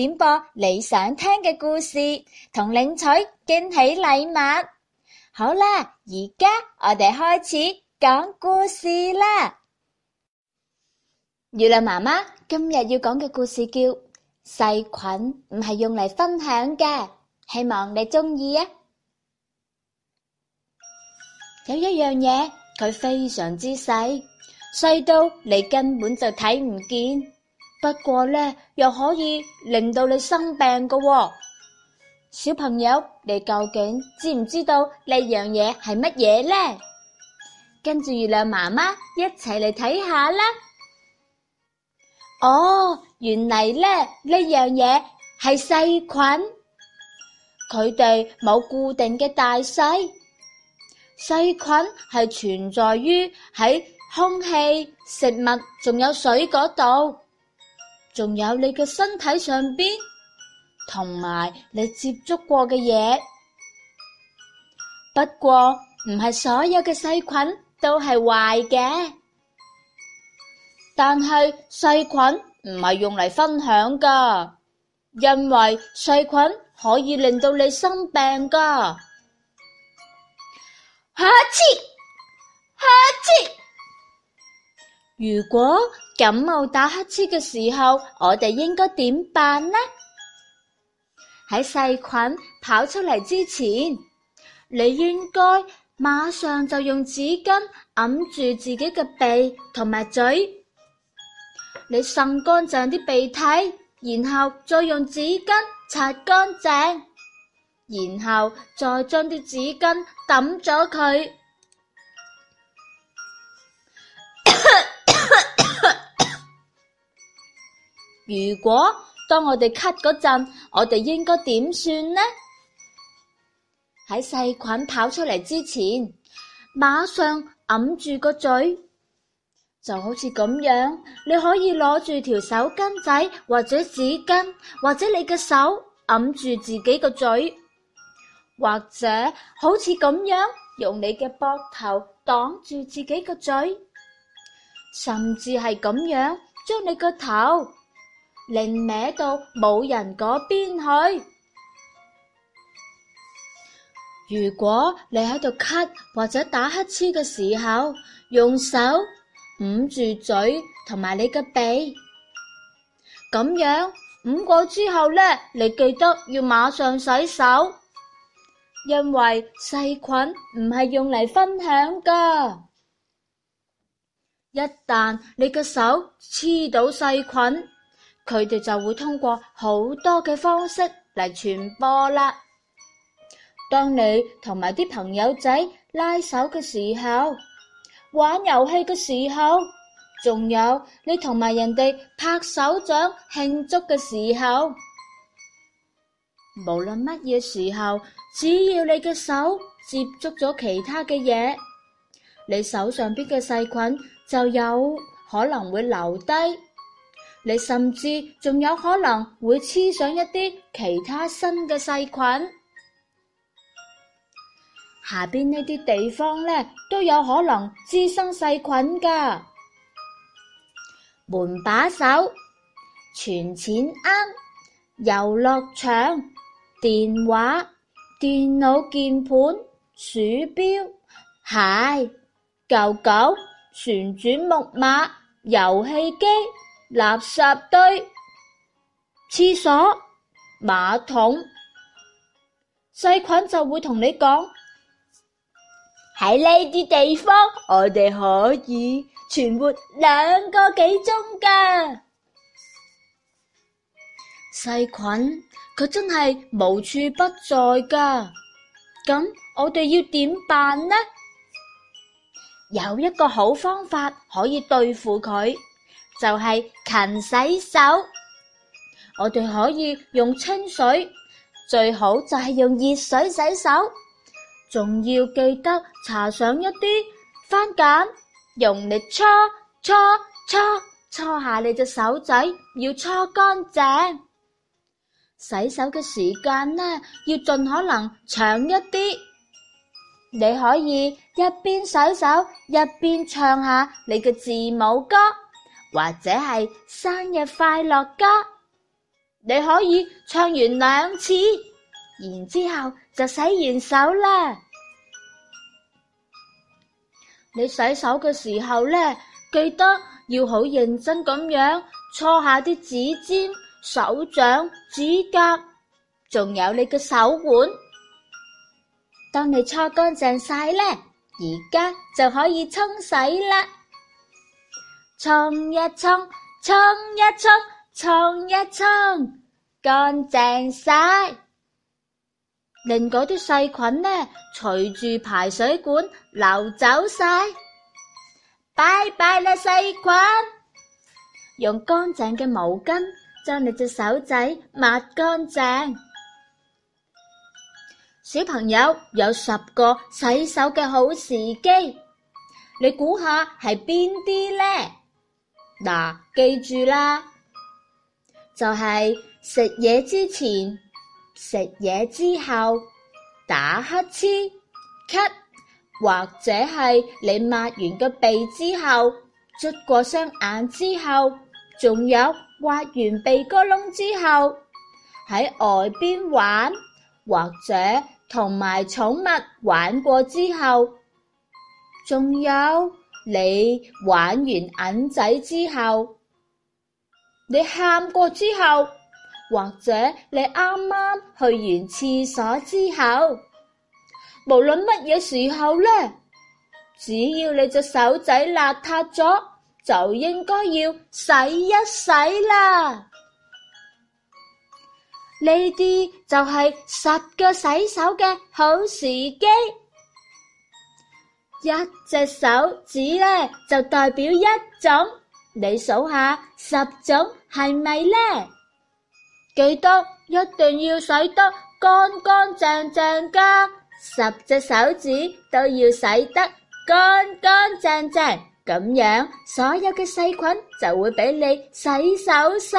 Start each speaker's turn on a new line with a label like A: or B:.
A: 點播你想聽嘅故事，同領取驚喜禮物。不過呢，又可以令到你生病㗎喎。小朋友，你究竟知唔知道呢樣嘢係乜嘢呢？跟住月亮媽媽一齊嚟睇下啦！仲有你嘅身體上邊，同埋你接觸過嘅嘢。不過唔係所有嘅細菌都係壞嘅，但係細菌唔係用嚟分享噶，因為細菌可以令到你生病噶。下次，下次，如果。感冒打乞嗤嘅時候，我哋應該點辦呢？喺細菌跑出嚟之前，你應該馬上就用紙巾揞住自己嘅鼻同埋嘴，你擤乾淨啲鼻涕，然後再用紙巾擦乾淨，然後再將啲紙巾抌咗佢。如果當我哋咳嗰陣，我哋應該點算呢？喺細菌跑出嚟之前，馬上揞住個嘴，就好似咁樣。你可以攞住條手巾仔，或者紙巾，或者你嘅手揞住自己個嘴，或者好似咁樣，用你嘅膊頭擋住自己個嘴，甚至係咁樣，將你個頭。另歪到冇人嗰邊去。如果你喺度咳或者打乞嗤嘅時候，用手捂住嘴同埋你嘅鼻，咁樣捂過之後呢，你記得要馬上洗手，因為細菌唔係用嚟分享噶。一旦你嘅手黐到細菌，佢哋就會通過好多嘅方式嚟傳播啦。當你同埋啲朋友仔拉手嘅時候，玩遊戲嘅時候，仲有你同埋人哋拍手掌慶祝嘅時候，無論乜嘢時候，只要你嘅手接觸咗其他嘅嘢，你手上邊嘅細菌就有可能會留低。你甚至仲有可能會黐上一啲其他新嘅細菌。下邊呢啲地方呢，都有可能滋生細菌㗎，門把手、存錢罌、遊樂場、電話、電話、電腦鍵盤、鼠標、鞋、狗狗、旋轉木馬、遊戲機。垃圾堆、廁所、馬桶，細菌就會同你講，喺呢啲地方，我哋可以存活兩個幾鐘噶。細菌佢真係無處不在噶，咁我哋要點辦呢？有一個好方法可以對付佢。就係勤洗手，我哋可以用清水，最好就係用熱水洗手。仲要記得搽上一啲番梘，用力搓搓搓，搓下你隻手仔，要搓乾淨。洗手嘅時間呢，要盡可能長一啲。你可以一邊洗手一邊唱下你嘅字母歌。或者係生日快樂歌，你可以唱完兩次，然之後就洗完手啦。你洗手嘅時候呢，記得要好認真咁樣搓下啲指尖、手掌、指甲，仲有你嘅手腕。當你搓乾淨晒咧，而家就可以沖洗啦。沖一沖，沖一沖，沖一沖，乾淨晒。令嗰啲細菌呢，隨住排水管流走晒。拜拜啦細菌！用乾淨嘅毛巾將你隻手仔抹乾淨。小朋友有十個洗手嘅好時機，你估下係邊啲呢？嗱、啊，記住啦，就係食嘢之前、食嘢之後打乞嗤、咳，或者係你抹完個鼻之後、捽過雙眼之後，仲有挖完鼻哥窿之後，喺外邊玩，或者同埋寵物玩過之後，仲有。你玩完銀仔之後，你喊過之後，或者你啱啱去完廁所之後，無論乜嘢時候呢，只要你隻手仔邋遢咗，就應該要洗一洗啦。呢啲就係實腳洗手嘅好時機。一隻手指咧就代表一種，你數下十種係咪咧？記得，一定要洗得乾乾淨淨噶，十隻手指都要洗得乾乾淨淨，咁樣所有嘅細菌就會俾你洗手晒。